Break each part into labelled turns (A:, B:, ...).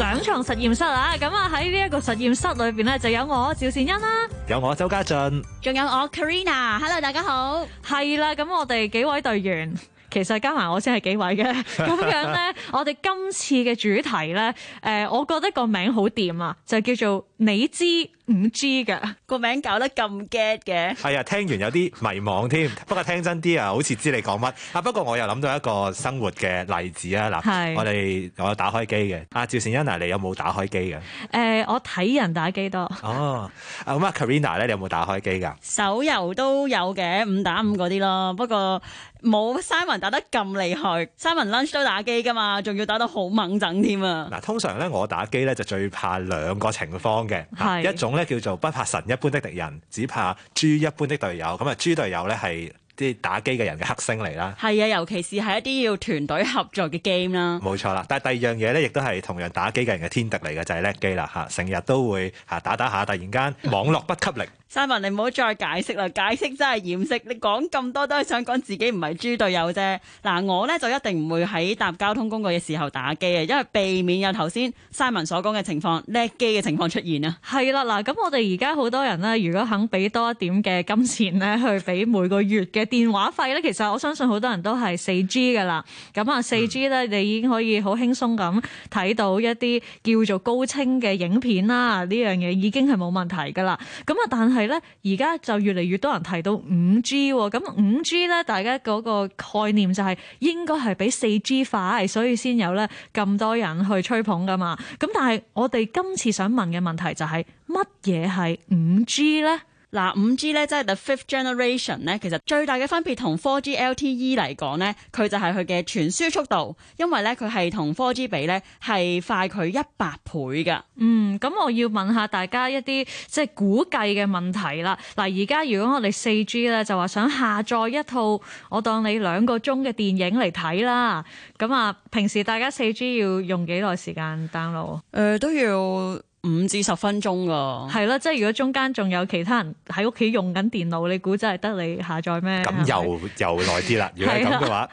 A: 上床實驗室啊！咁啊喺呢一個實驗室裏邊咧，就有我趙善欣啦，
B: 有我周家俊，
A: 仲有我 Karina。Hello，大家好，係啦！咁我哋幾位隊員，其實加埋我先係幾位嘅。咁 樣咧，我哋今次嘅主題咧，誒、呃，我覺得個名好掂啊，就叫做你知。五 G 嘅個名搞得咁 get 嘅，係啊！
B: 哎，聽完有啲迷惘添， 不過聽真啲啊，好似知你講乜啊！不過我又諗到一個生活嘅例子是啊！嗱，我哋我有打開機嘅，阿趙善恩啊，你有冇打開機嘅？
A: 誒，我睇人打機多。
B: 哦，咁啊 Karina 咧，你有冇打開機㗎？
A: 手遊
C: 都有嘅，五打五嗰啲咯，不過冇 Simon 打得咁厲害。Simon，嗯、lunch 都打機㗎嘛，仲要打得好猛整添啊！
B: 嗱，通常咧我打機咧就最怕兩個情況嘅。是一種叫做不怕神一般的敵人，只怕豬一般的隊友。咁啊，豬隊友咧係啲打機嘅人嘅黑星嚟啦。
C: 係啊，尤其是係一啲要團隊合作嘅 game 啦。
B: 冇錯啦，但係第二樣嘢咧，亦都係同樣打機嘅人嘅天敵嚟嘅，就係叻機啦吓，成日都會吓打打下，突然間網絡不給力。
C: Simon，你唔好再解釋啦，解釋真係掩飾。你講咁多都係想講自己唔係豬隊友啫。嗱，我呢就一定唔會喺搭交通工具嘅時候打機啊，因為避免有頭先 Simon 所講嘅情況，叻
A: 機嘅情況出現啊。係啦，嗱，咁我哋而家好多人呢，如果肯俾多一點嘅金錢呢，去俾每個月嘅電話費呢。其實我相信好多人都係四 G 噶啦。咁啊，四 G 呢，你已經可以好輕鬆咁睇到一啲叫做高清嘅影片啦。呢樣嘢已經係冇問題噶啦。咁啊，但係。係咧，而家就越嚟越多人提到五 G，咁五 G 咧，大家嗰個概念就係應該係比四 G 快，所以先有咧咁多人去吹捧噶嘛。咁但係我哋今次想問嘅問題就係乜嘢係五 G 咧？嗱，五 G 咧即係 the fifth
C: generation 咧，其實最大嘅分別同 four G LTE 嚟講咧，佢就係佢嘅傳輸速度，因為咧佢係同 four G 比咧係快佢一百倍㗎。
A: 嗯，咁我要問下大家一啲即係估計嘅問題啦。嗱，而家如果我哋四 G 咧就話想下載一套我當你兩個鐘嘅電影嚟睇啦，咁啊，平時大家四 G 要用幾耐時間 download？
C: 誒、呃，都要。
A: 五至十分鐘㗎，係啦，即係如果中間仲有其他人喺屋企用緊電腦，你估真係得你下載咩？咁又
B: 又耐啲啦，如果係咁嘅話。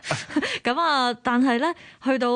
A: 咁啊，但係咧，去到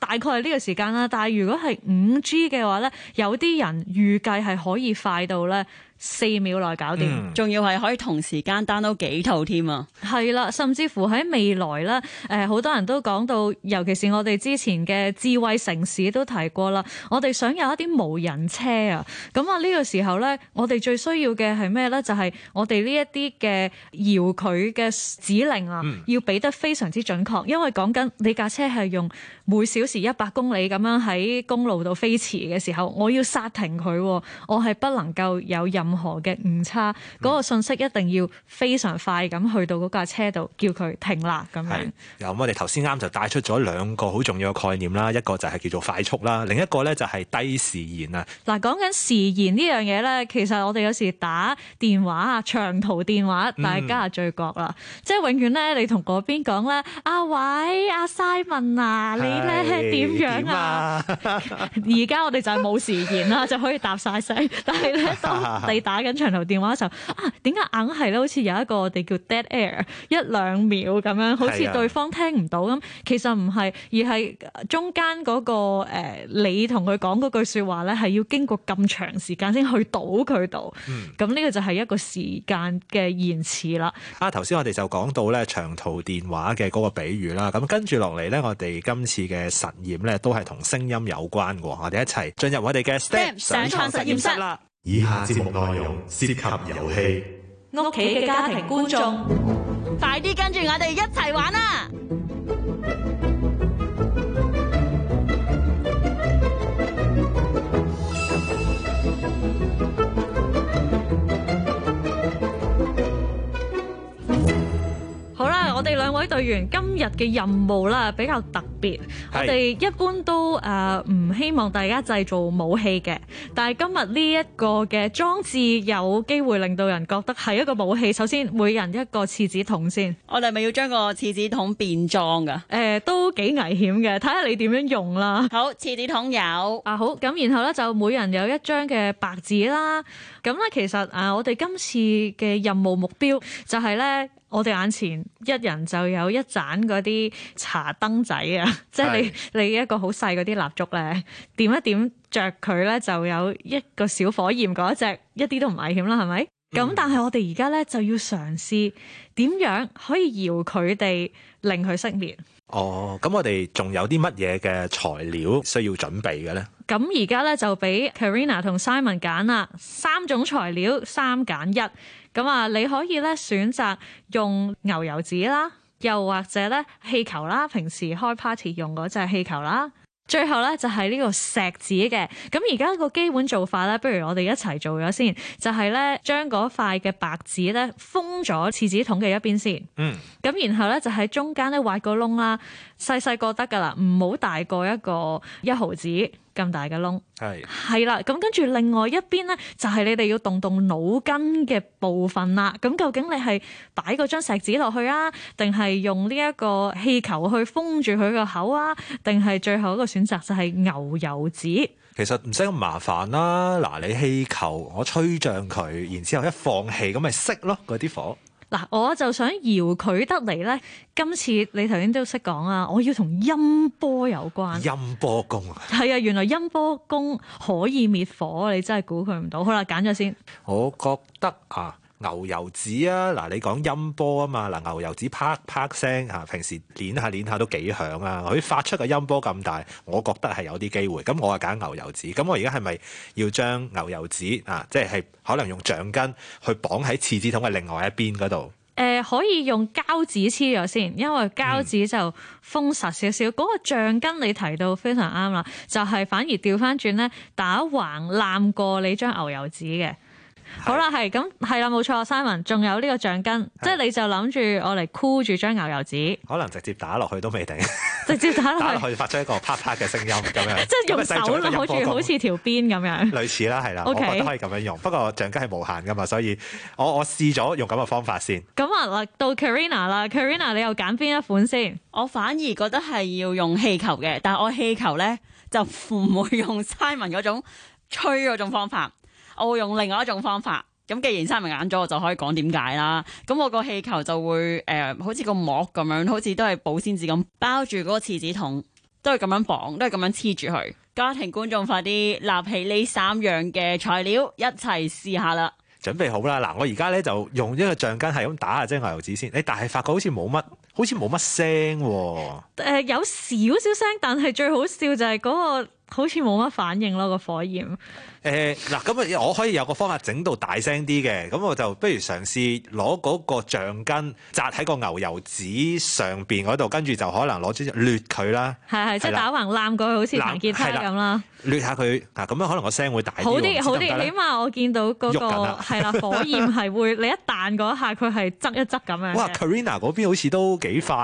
A: 大概係呢個時間啦。但係如果係五 G 嘅話咧，有啲人預計係可以快到咧。四秒內搞掂，仲要係可以同時間 download 幾套添啊！係啦，甚至乎喺未來咧，誒、呃，好多人都講到，尤其是我哋之前嘅智慧城市都提過啦。我哋想有一啲無人車啊，咁啊呢個時候咧，我哋最需要嘅係咩咧？就係、是、我哋呢一啲嘅遙距嘅指令啊，要俾得非常之準確，嗯、因為講緊你架車係用每小時一百公里咁樣喺公路度飛馳嘅時候，我要剎停佢、哦，我係不能夠有任。任何嘅誤差，嗰、那個信息一定要非常快咁去到嗰架車度，叫佢停喇咁樣。
B: 又我哋頭先啱就帶出咗兩個好重要嘅概念啦，一個就係叫做快速啦，另一個咧就係低時延啊。
A: 嗱，講緊時延呢樣嘢咧，其實我哋有時打電話啊、長途電話，大家啊最覺啦，嗯、即係永遠咧，你同嗰邊講咧，阿偉、阿、啊、Simon 啊，你咧點是樣啊？而家樣、啊、 我哋就係冇時延啦， 就可以搭晒聲，但係咧打緊長途電話嘅時候，啊，點解硬係咧？好似有一個我哋叫 dead air 一兩秒咁樣，好似對方聽唔到咁。是啊、其實唔係，而係中間嗰、那個誒、呃，你同佢講嗰句說話咧，係要經過咁長時間先去到佢度。咁呢、嗯、個就係一個時間嘅延遲啦。
B: 啊，頭先我哋就講到咧長途電話嘅嗰個比喻啦。咁跟住落嚟咧，我哋今次嘅實驗咧都係同聲音有關嘅。我哋一齊進入我哋嘅 STEM, STEM
A: 上床實驗室啦。
B: 以下節目內容涉及遊戲，
A: 屋企嘅家
C: 庭觀眾， 快啲跟住我哋一齊玩啊。
A: 我哋兩位隊員今日嘅任務啦，比較特別，我哋一般都誒唔希望大家製造武器嘅，但係今日呢一個嘅裝置有機會令到人覺得係一個武器。首先，每人一個廁紙筒先，我哋咪要將個廁紙筒變裝㗎？誒，都幾危險嘅，睇下你點樣用啦。好，廁紙筒有啊，好，咁，然後咧就每人有一張嘅白紙啦。咁咧，其實啊，我哋今次嘅任務目標就係咧。我哋眼前一人就有一盞嗰啲茶燈仔啊，即係你是你一個好細嗰啲蠟燭咧，點一點着佢咧就有一個小火焰嗰隻，一啲都唔危險啦，係咪？咁、嗯、但係我哋而家咧就要嘗試點樣可以搖佢哋令佢熄滅。
B: 哦，咁我哋仲有啲乜嘢嘅材料需要準備嘅咧？
A: 咁而家咧就俾 Karina 同 Simon 揀啦，三種材料三揀一。咁啊，你可以咧選擇用牛油紙啦，又或者咧氣球啦，平時開 party 用嗰隻氣球啦。最後咧就係呢個錫紙嘅。咁而家個基本做法咧，不如我哋一齊做咗先。就係咧將嗰塊嘅白紙咧封咗廁紙筒嘅一邊先。嗯。咁然後咧就喺中間咧挖個窿啦，細細個得噶啦，唔好大過一個一毫紙。咁大嘅窿，係係啦，咁跟住另外一邊呢，就係你哋要動動腦筋嘅部分啦。咁究竟你係擺嗰張錫紙落去啊，定係用呢一個氣球去封住佢個口啊？定係最後一個選擇就係牛油紙？
B: 其實唔使咁麻煩啦。嗱，你氣球，我吹脹佢，然之後一放氣，咁咪熄咯嗰啲火。
A: 嗱，我就想搖佢得嚟咧。今次你頭先都識講啊，我要同音波有關。
B: 音波功
A: 啊？係啊，原來音波功可以滅火，你真係估佢唔到。好啦，揀咗先。
B: 我覺得啊。牛油紙啊！嗱，你講音波啊嘛，嗱，牛油紙啪啪聲啊，平時捏下捏下都幾響啊！佢發出嘅音波咁大，我覺得係有啲機會。咁我啊揀牛油紙。咁我而家係咪要將牛油紙啊？即係可能用橡筋去綁喺廁紙筒嘅另外一邊嗰度？
A: 誒、呃，可以用膠紙黐咗先，因為膠紙就封實少少。嗰、嗯、個橡筋你提到非常啱啦，就係、是、反而掉翻轉咧，打橫攬過你張牛油紙嘅。是好啦，係咁，係啦、啊，冇錯，Simon，仲有呢個橡筋，是即係你就諗住我嚟箍住張牛油紙，可能直接
B: 打落去都未定，
A: 直接打落去， 打落
B: 去發出一個啪啪嘅聲音咁樣，即係是用手攣住好似
A: 條鞭咁樣，
B: 類似啦，係啦，Okay. 我都可以咁樣用，不過橡筋係無限噶嘛，所以我我試咗用咁嘅方法先。
A: 咁啊，嗱，到 Carina 啦，Carina，你又揀邊一款先？我反而覺得係
C: 要用氣球嘅，但係我氣球咧就唔會用 Simon 嗰種吹嗰種方法。我用另外一種方法，咁既然三明眼咗，我就可以講點解啦。咁我個氣球就會誒、呃，好似個膜咁樣，好似都係保鮮紙咁包住嗰個廁紙筒，都係咁樣綁，都係咁樣黐住佢。家庭觀眾快啲立起呢三樣嘅材料，一齊試下啦！
B: 準備好啦，嗱，我而家咧就用一個橡筋係咁打下啲牛油紙先。你但係發覺好似冇乜，好似冇乜聲喎、
A: 啊呃。有少少聲，但係最好笑就係嗰、那個。好似冇乜反應咯，個火焰。
B: 誒嗱，咁啊我可以有個方法整到大聲啲嘅。咁我就不如嘗試攞嗰個橡筋紮喺個牛油紙上邊嗰度，跟住就可能攞支捋佢啦。係係的，即係打
A: 橫攬過佢好似彈結他咁啦。
B: 捋的下佢啊，咁啊可能個聲會大啲。好啲好啲，起碼
A: 我見到嗰、嗰個係啦緊 火焰係會你一彈嗰下佢係側一側咁樣。哇
B: ，Karina 嗰邊好似都幾快。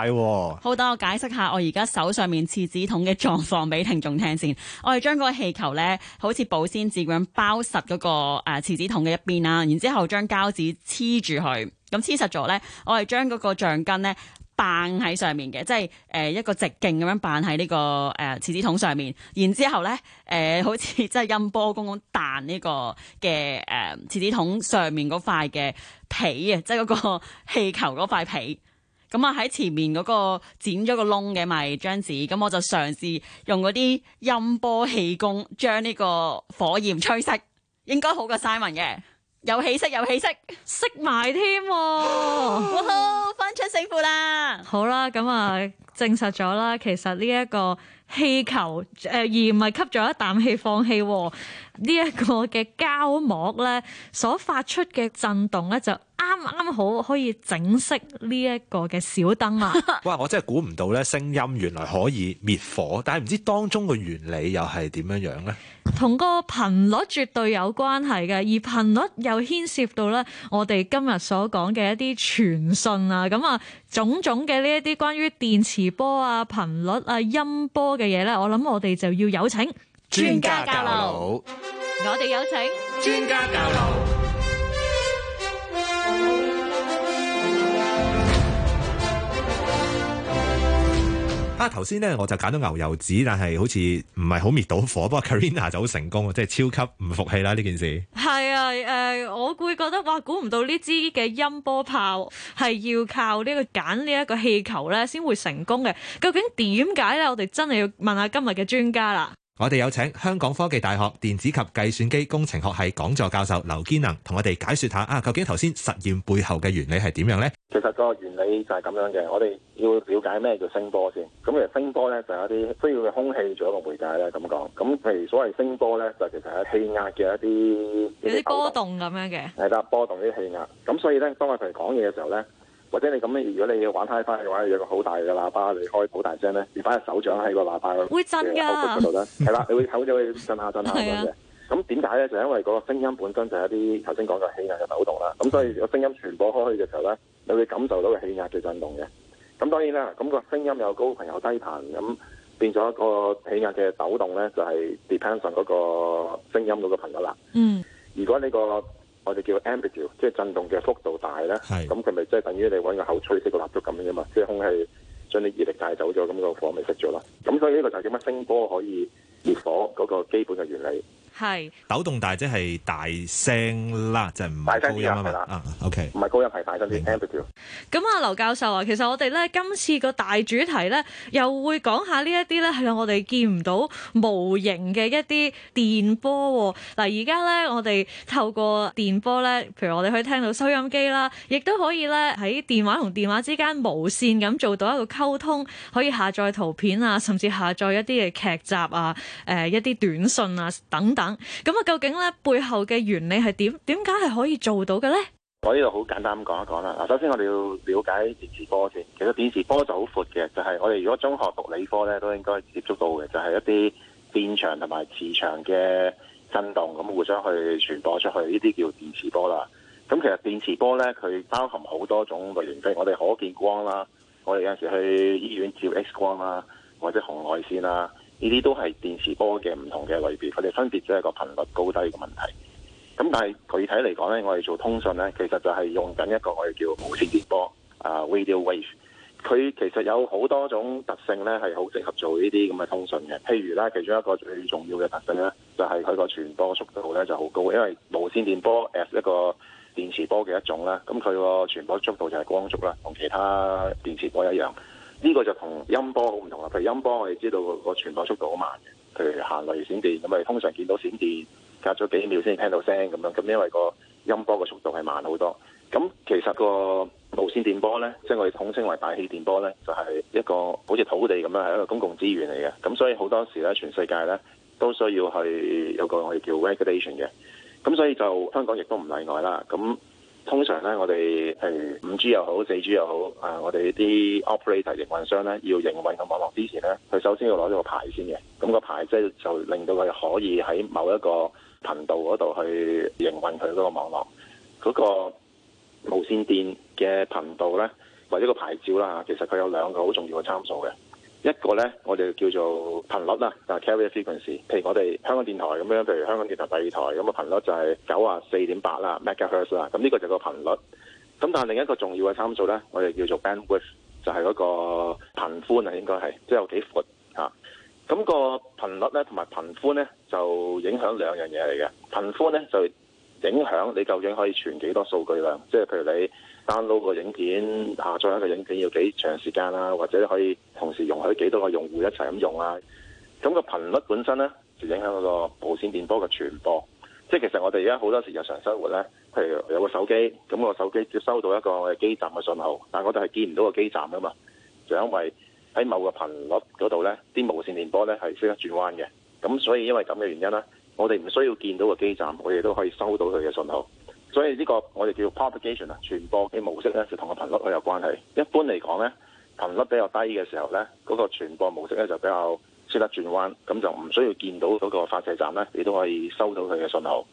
A: 好，等我解釋下我而家手
C: 上面廁紙筒嘅狀況俾聽眾聽先。我係將嗰個氣球咧，好似保鮮紙咁樣包實嗰、那個誒、呃、廁紙筒嘅一邊啦，然之後將膠紙黐住佢，咁黐實咗咧，我係將嗰個橡筋咧綁喺上面嘅，即係誒一個直徑咁樣綁喺呢個誒、呃、廁紙筒上面，然之後咧誒、呃，好似即係音波公公彈呢個嘅誒、呃、廁紙筒上面嗰塊嘅皮啊，即係嗰個氣球嗰塊皮。咁啊，喺前面嗰個剪咗個窿嘅咪張紙，咁我就嘗試用嗰啲音波氣功將呢個火焰吹熄，應該好過 Simon 嘅，有氣息，有氣息，熄埋添
A: 喎，
C: 翻出勝負啦！
A: 好啦，咁啊，證實咗啦，其實呢一個氣球，誒而唔係吸咗一啖氣放氣。呢一個嘅膠膜咧，所發出嘅震動咧，就啱啱好可以整熄呢一個嘅小燈啊！
B: 哇！我真係估唔到咧，聲音原來可以滅火，但係唔知當中嘅原理又係點樣樣咧？
A: 同個頻率絕對有關係嘅，而頻率又牽涉到咧，我哋今日所講嘅一啲傳訊啊，咁啊，種種嘅呢一啲關於電磁波啊、頻率啊、音波嘅嘢咧，我諗我哋就要有請。專家教路，我哋有請專家教
B: 路啊！頭先呢，我就揀到牛油紙，但係好似唔係好滅到火。不過 Karina 就好成功，即係超級唔服氣啦！呢件事
A: 係啊，誒、呃，我會覺得哇，估唔到呢支嘅音波炮係要靠呢、呢個揀呢一個氣球咧，先會成功嘅。究竟點解咧？我哋真係要問下今日嘅專家啦。
B: 我哋有請香港科技大學電子及計算機工程學系講座教授劉堅能，同我哋解說下啊，究竟頭先實驗背後嘅原理係點樣咧？
D: 其實個原理就係咁樣嘅，我哋要了解咩叫聲波先。咁其實聲波咧就係一啲需要嘅空氣做一個媒介咧，咁講。咁譬如所謂聲波咧，就其實係氣壓嘅一啲有啲波動咁樣嘅，係啦，波動啲氣壓。咁所以咧，當我哋講嘢嘅時候咧。或者你咁如果你要玩嗨翻嘅話，有個好大嘅喇叭你開好大聲咧，而擺隻手掌喺個喇叭嗰度，會震噶。係啦， 你會口就會震下震下咁嘅。咁點解咧？就因為個聲音本身就一啲頭先講嘅氣壓嘅抖動啦。咁所以個聲音傳播開去嘅時候咧，你會感受到個氣壓在震動嘅。咁當然啦，咁、那個聲音有高頻有低頻，咁變咗個氣壓嘅抖動咧，就係、是、depend 嗰個聲音嗰個頻率啦。嗯，如果你個我哋叫 amplitude，即係震動嘅幅度大咧，咁佢咪即係等於你搵個口吹熄個蠟燭咁樣啫嘛，即係空氣將啲熱力帶走咗，咁個火咪熄咗啦。咁所以呢個就係點樣聲波可以熱火嗰、那個基本嘅原理。係抖是動
B: 大即係大聲啦，就係唔係高音啊？ok，唔係高音係大聲啲。
A: 咁啊白，劉教授啊，其實我哋咧今次個大主題咧，又會講下呢一啲咧係我哋見唔到無形嘅一啲電波、啊。嗱，而家咧我哋透過電波咧，譬如我哋可以聽到收音機啦，亦都可以咧喺電話同電話之間無線咁做到一個溝通，可以下載圖片啊，甚至下載一啲嘅劇集啊，誒、呃、一啲短信啊等等。咁啊，究竟咧背後嘅原理係點？點解係可以做到嘅咧？
D: 我呢度好簡單講一講啦。首先，我哋要了解電磁波先。其實電磁波就好闊嘅，就係我哋如果中學讀理科咧，都應該接觸到嘅，就係一啲電場同埋磁場嘅振動咁互相去傳播出去，呢啲叫電磁波啦。咁其實電磁波咧，佢包含好多種類型，譬如我哋可見光啦，我哋有陣時去醫院照 X 光啦，或者紅外線啦。呢啲都係電磁波嘅唔同嘅類別，佢哋分別咗一個頻率高低嘅問題。咁但係具體嚟講呢，我哋做通訊呢，其實就係用緊一個我哋叫無線電波啊 uh, radio wave。佢其實有好多種特性呢，係好適合做呢啲咁嘅通訊嘅。譬如咧，其中一個最重要嘅特性呢，就係佢個傳播速度呢就好高，因為無線電波係一個電磁波嘅一種啦。咁佢個傳播速度就係光速啦，同其他電磁波一樣。呢個就同音波好唔同啊。譬如音波，我哋知道個個傳播速度好慢嘅，譬如行雷閃電，咁我哋通常見到閃電隔咗幾秒先聽到聲咁樣。咁因為個音波嘅速度係慢好多。咁其實個無線電波咧，即係我哋統稱為大氣電波咧，就係一個好似土地咁樣，係一個公共資源嚟嘅。咁所以好多時咧，全世界咧都需要去有個我哋叫 regulation 嘅。咁所以就香港亦都唔例外啦。咁通常咧，我哋係五 G 又好、四 G 又好，啊，我哋啲 operator 營運商咧，要營運個網絡之前咧，佢首先要攞咗個牌先嘅。咁個牌即係就令到佢可以喺某一個頻道嗰度去營運佢嗰個網絡。嗰個無線電嘅頻道咧，或者個牌照啦，其實佢有兩個好重要嘅參數嘅。一個咧，我哋叫做頻率啦，啊、就係、carrier frequency。譬如我哋香港電台咁樣，譬如香港電台第二台咁嘅頻率就係九啊四點八啦 megahertz 啦。咁呢個就個頻率。咁但係另一個重要嘅參數咧，我哋叫做 bandwidth，就係嗰個頻寬啊，應該係即係有幾闊嚇。咁個頻率咧，同埋頻寬咧，就影響兩樣嘢嚟嘅。頻寬咧就影響你究竟可以傳幾多數據量，即係譬如你。download 個影片，下載一個影片要幾長時間啦、啊，或者可以同時容許幾多個用戶一齊咁用啊？咁、個頻率本身咧就影響嗰個無線電波嘅傳播。即係其實我哋而家好多時日常生活咧，譬如有個手機，咁、個手機接收到一個基站嘅信號，但係我哋係見唔到個基站噶嘛，就因為喺某個頻率嗰度咧，啲無線電波咧係識得轉彎嘅。咁所以因為咁嘅原因啦，我哋唔需要見到個基站，我哋都可以收到佢嘅信號。所以呢個我哋叫做 propagation 啊，傳播嘅模式咧就同個頻率佢有關係。一般嚟講咧，頻率比較低嘅時候咧，嗰、那個傳播模式咧就比較識得轉彎，咁就唔需要見到嗰個發射站咧，你都可以收到佢嘅信號。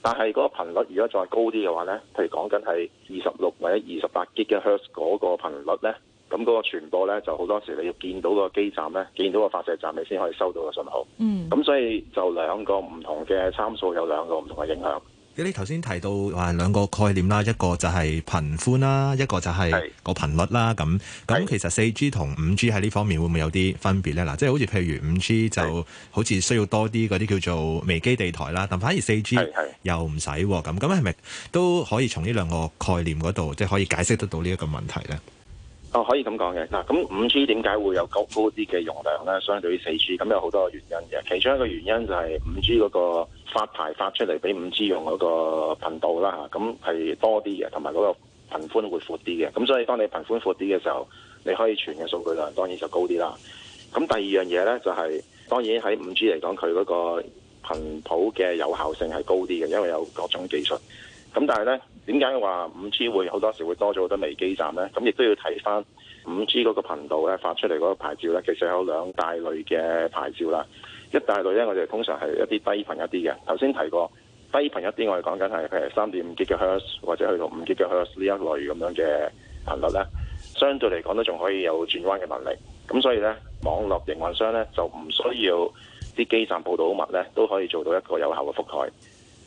D: 但係嗰個頻率如果再高啲嘅話咧，譬如講緊係二十六或者二十八 gigahertz 嗰個頻率咧，咁、那、嗰個傳播咧就好多時你要見到個基站咧，見到個發射站你先可以收到個信號。嗯，咁所以就兩個唔同嘅參數有兩個唔同嘅影響。
B: 你頭先提到話兩個概念啦，一個就係頻寬啦，一個就係個頻率啦。咁咁是其實四 G 同五 G 喺呢方面會唔會有啲分別呢？嗱，即係好似譬如五 G 就好似需要多啲嗰啲叫做微基地台啦，但反而四 G 又唔使喎。咁咁係咪都可以從呢兩個概念嗰度即係可以解釋得到呢一個問題呢？
D: 哦，可以咁講嘅嗱，咁五 G 點解會有高高啲嘅容量咧？相對於四 G，咁有好多個原因嘅。其中一個原因就係五 G 嗰個發牌發出嚟俾五 G 用嗰個頻道啦嚇，咁係多啲嘅，同埋嗰個頻寬會闊啲嘅。咁所以當你頻寬闊啲嘅時候，你可以傳嘅數據量當然就高啲啦。咁第二樣嘢咧就係、是、當然喺五 G 嚟講，佢嗰個頻譜嘅有效性係高啲嘅，因為有各種技術。咁但係咧，點解話五 G 會好多時會多咗好多微基站咧？咁亦都要睇翻五 G 嗰個頻道咧發出嚟嗰個牌照咧，其實有兩大類嘅牌照啦。一大類咧，我哋通常係一啲低頻一啲嘅。頭先提過低頻一啲，我哋講緊係譬如三點五 G 嘅赫斯或者去到五 G 嘅赫斯呢一類咁樣嘅頻率咧，相對嚟講都仲可以有轉彎嘅能力。咁所以咧，網絡營運商咧就唔需要啲基站佈到好密咧，都可以做到一個有效嘅覆蓋。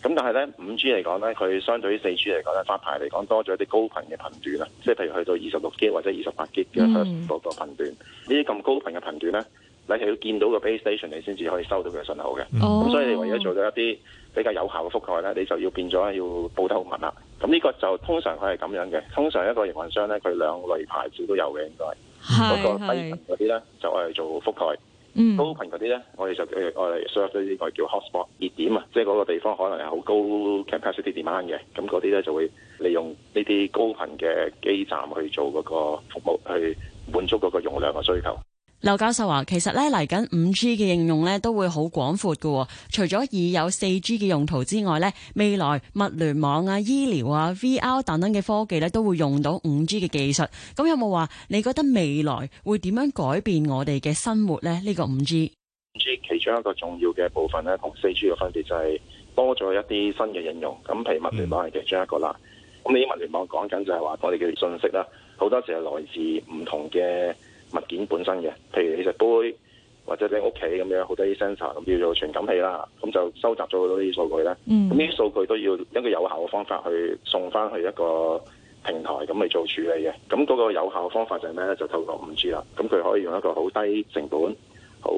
D: 咁但係咧，五 G 嚟講咧，佢相對於四 G 嚟講咧，發牌嚟講多咗一啲高頻嘅頻段啊，即係譬如去到二十六 G 或者二十八 G 嘅嗰個頻段，呢啲咁高頻嘅頻段咧，你係要見到個 base station 你先至可以收到佢嘅信號嘅，咁、嗯嗯嗯、所以你為咗做到一啲比較有效嘅覆蓋咧，你就變要變咗要報得好密啦。咁、嗯、呢、這個就通常佢係咁樣嘅，通常一個營運商咧佢兩類牌子都有嘅，應該嗰個低頻嗰啲咧就係做覆蓋。Mm. 高頻嗰啲咧，我哋就我哋 search 咗啲，我哋叫 hotspot 熱點啊，即係嗰個地方可能係好高 capacity demand 嘅，咁嗰啲咧就會利用呢啲高頻嘅基站去做嗰個服務，去滿足嗰個容量嘅需求。
C: 劉教授話，其實咧嚟緊五 G 嘅應用咧都會好廣闊㗎喎，除咗已有四 G 嘅用途之外咧，未來物聯網啊、醫療啊、VR 等等嘅科技咧都會用到五 G 嘅技術。咁有冇話你覺得未來會點樣改變我哋嘅生活咧？呢個五 G？
D: 五 G 其中一個重要嘅部分咧，同四 G 嘅分別就係多咗一啲新嘅應用。咁譬如物聯網係其中一個啦。咁你、嗯、物聯網講緊就係話我哋嘅信息啦，好多時係來自唔同嘅。物件本身嘅，譬如你隻杯或者你屋企咁樣，好多啲 sensor 咁叫做傳感器啦，咁就收集咗好多啲數據咧。嗯。咁呢啲數據都要一個有效嘅方法去送翻去一個平台咁去做處理嘅。咁嗰個有效嘅方法就係咩咧？就透過五 G 啦。咁佢可以用一個好低成本、好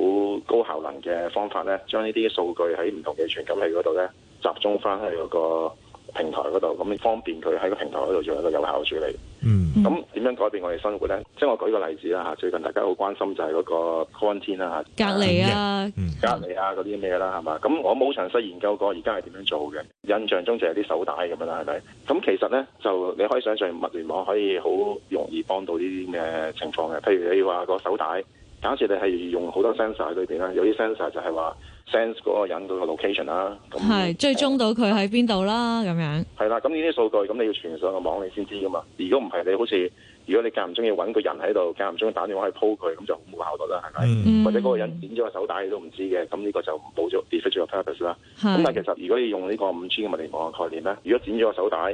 D: 高效能嘅方法咧，將呢啲數據喺唔同嘅傳感器嗰度咧集中翻去嗰個。平台嗰度，咁方便佢喺個平台嗰度做一個有效嘅處理。嗯，咁點樣改變我哋生活咧？即係我舉個例子啦嚇，最近大家好關心就係嗰個 quarantine 啦嚇，隔離啊，uh，隔離啊嗰啲咩啦係嘛？咁我冇詳細研究過，而家係點樣做嘅？印象中就係啲手帶咁樣啦，係咪？咁其實咧就你可以想像，物聯網可以好容易幫到呢啲嘅情況嘅。譬如你話個手帶。假設你係用好多 sensor 喺裏邊啦，有啲 sensor 就係話 sense 嗰個人嗰個 location 啦，
A: 咁係追蹤到佢喺邊度啦，咁樣。
D: 係啦，咁呢啲數據咁你要傳上個網你先知㗎嘛。如果唔係，你好似如果你間唔中意揾個人喺度，間唔中打電話去 po 佢，咁就冇效率啦，係咪？Mm. 或者嗰個人剪咗個手帶你都唔知嘅，咁呢個就唔保咗 defeat 咗個 purpose 啦。咁、mm. 但係其實如果你用呢個五 G 嘅物聯網嘅概念咧，如果剪咗個手帶。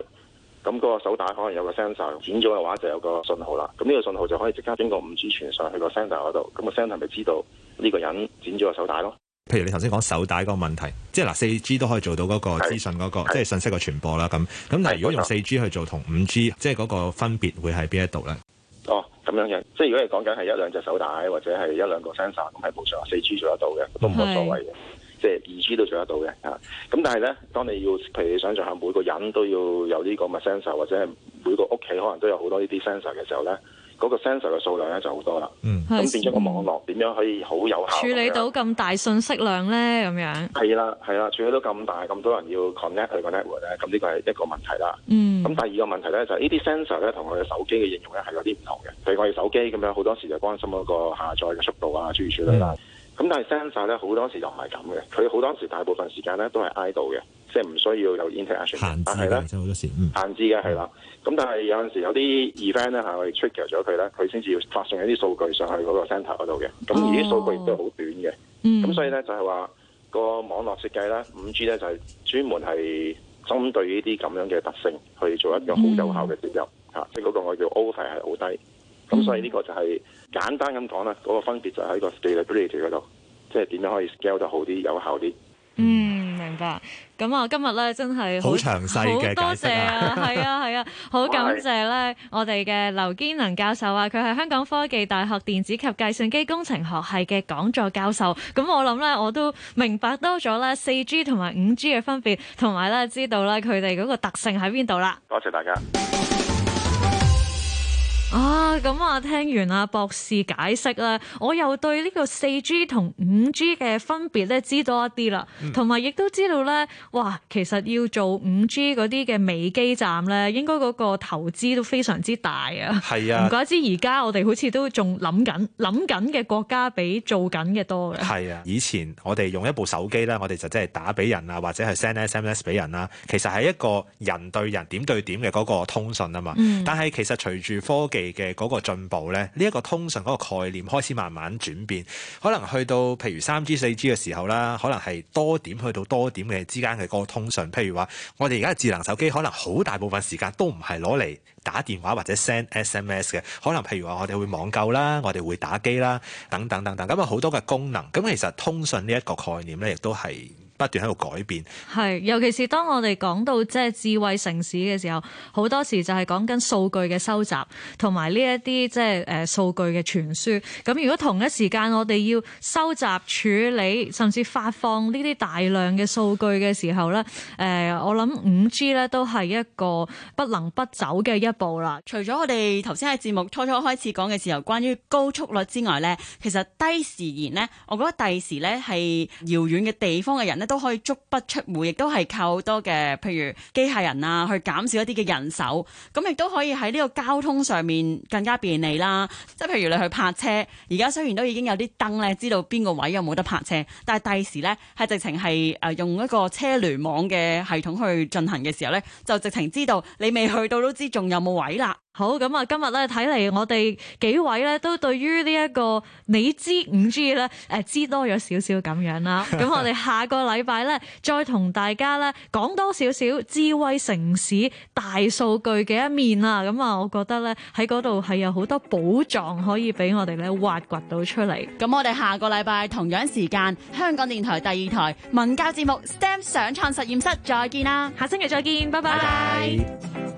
D: 咁嗰個手帶可能有個 sensor 剪咗嘅話，就有個信號啦。咁呢個信號就可以即刻經過五 G 傳上去個 sensor 嗰度。咁個 sensor 咪知道呢個人剪咗個手帶咯。
B: 譬如你頭先講手帶個問題，即係嗱四 G 都可以做到嗰個資訊嗰個，是即係信息嘅傳播啦。咁咁，但係如果用四 G 去做同五 G，即係嗰個分別會喺邊一度咧？
D: 哦，咁樣嘅，即係如果你講緊係一兩隻手帶或者係一兩個 sensor，咁係冇錯，四 G 做得到嘅，都冇乜是所謂嘅。即係二 G 都做得到嘅啊！咁、嗯、但係咧，當你要譬如你想象下每個人都要有呢個 sensor，或者每個屋企可能都有好多呢啲 sensor 嘅時候咧，嗰、那個 sensor 嘅數量咧就好多啦。嗯，咁變咗個網絡點樣可以好有效處理到
A: 咁大信息量咧？咁樣
D: 係啦，係啦，處理到咁大咁多人要 connect 佢個 network 咧，咁呢個係一個問題啦。嗯，咁第二個問題咧就係呢啲 sensor 咧同我哋手機嘅應用咧係有啲唔同嘅。譬如我哋手機咁樣，好多時就關心嗰個下載嘅速度啊，處理處理。嗯咁但係 send 曬咧，好多時就唔係咁嘅。佢好多時大部分時間咧都係 idle 嘅，即係唔需要有 interaction。但呢限資嘅，好多、嗯、時。限資嘅係啦。咁但係有陣時有啲 event 咧嚇，我哋 t r i g g 咗佢咧，佢先至要發送一啲數據上去嗰個 c e n t r 嗰度嘅。咁而啲數據亦都好短嘅。咁、哦、所以咧就係話、那個網絡設計咧，五 G 咧就係專門係針對呢啲咁樣嘅特性去做一個好有效嘅接入嚇，即係嗰個我叫 o f f i c e a 係好低。咁所以呢個就係、是。簡單咁講啦，嗰、嗰個分別就喺個 scalability 嗰度，即係點樣可以 scale 得好啲、有效啲。嗯，
A: 明白。咁啊，今日咧真係好詳細嘅解釋啊，係啊，係啊，好感謝咧我哋是嘅劉堅能教授啊，佢係香港科技大學電子及計算機工程學系嘅講座教授。咁我諗咧我都明白多咗咧四 G 同埋五 G 嘅分別，同埋咧知道咧佢哋嗰個特性喺邊度啦。多謝，謝大家。啊，咁啊，聽完阿博士解釋咧，我又對呢個四 G 同五 G 嘅分別咧知多一啲啦，同埋亦都知道咧、嗯，哇，其實要做五 G 啲嘅微基站咧，應該個投資都非常之大啊。係啊，唔怪之而家我哋好似都仲諗緊諗緊嘅國家比做緊嘅多嘅。係啊，
B: 以前我哋用一部手機咧，我哋就即係打俾人啊，或者係 send sms 俾人啦，其實係一個人對人點對點嘅個通訊啊嘛。但係其實隨住科技，嘅嗰個進步咧，呢一個通訊嗰個概念開始慢慢轉變，可能去到譬如三 G、四 G 嘅時候啦，可能係多點去到多點嘅之間嘅嗰個通訊，譬如話，我哋而家智能手機可能好大部分時間都唔係攞嚟打電話或者 send SMS 嘅，可能譬如話，我哋會網購啦，我哋會打機啦，等等等等，咁啊好多嘅功能。咁其實通訊呢一個概念咧，亦都係。不斷喺度改變，
A: 係尤其是當我哋講到即係智慧城市嘅時候，好多時就係講緊數據嘅收集同埋呢一啲即係誒、呃、數據嘅傳輸，咁如果同一時間我哋要收集、處理甚至發放呢啲大量嘅數據嘅時候咧，誒、呃、我諗五 G 咧都係一個不能不走嘅一步啦。除咗我哋
C: 頭先喺節目初初開始講嘅時候關於高速率之外咧，其實低時延咧，我覺得第時咧係遙遠嘅地方嘅人咧。都可以足不出戶，亦都係靠好多嘅譬如機械人啊，去減少一啲嘅人手。咁亦都可以喺呢個交通上面更加便利啦。即係譬如你去泊車，而家雖然都已經有啲燈咧，知道邊個位有冇得泊車，但係第時呢，係直情係誒用一個車聯網嘅系統去進行嘅時候呢，就直情知道你未去到都知仲有冇位啦。好咁啊，嗯！
A: 今日咧睇嚟，我哋幾位咧都對於呢一個 5G 你又知唔知咧，誒知多咗少少咁樣啦。咁 我哋下個禮拜咧再同大家咧講多少少智慧城市大數據嘅一面啊！咁、嗯、啊，我覺得咧喺嗰度係有好多寶藏可以俾我哋咧挖掘到出嚟。咁我哋下個禮
C: 拜同樣時間，香港電台第二台文教節目 STEM 上創實驗室再
A: 見啦！下星期再見，拜拜。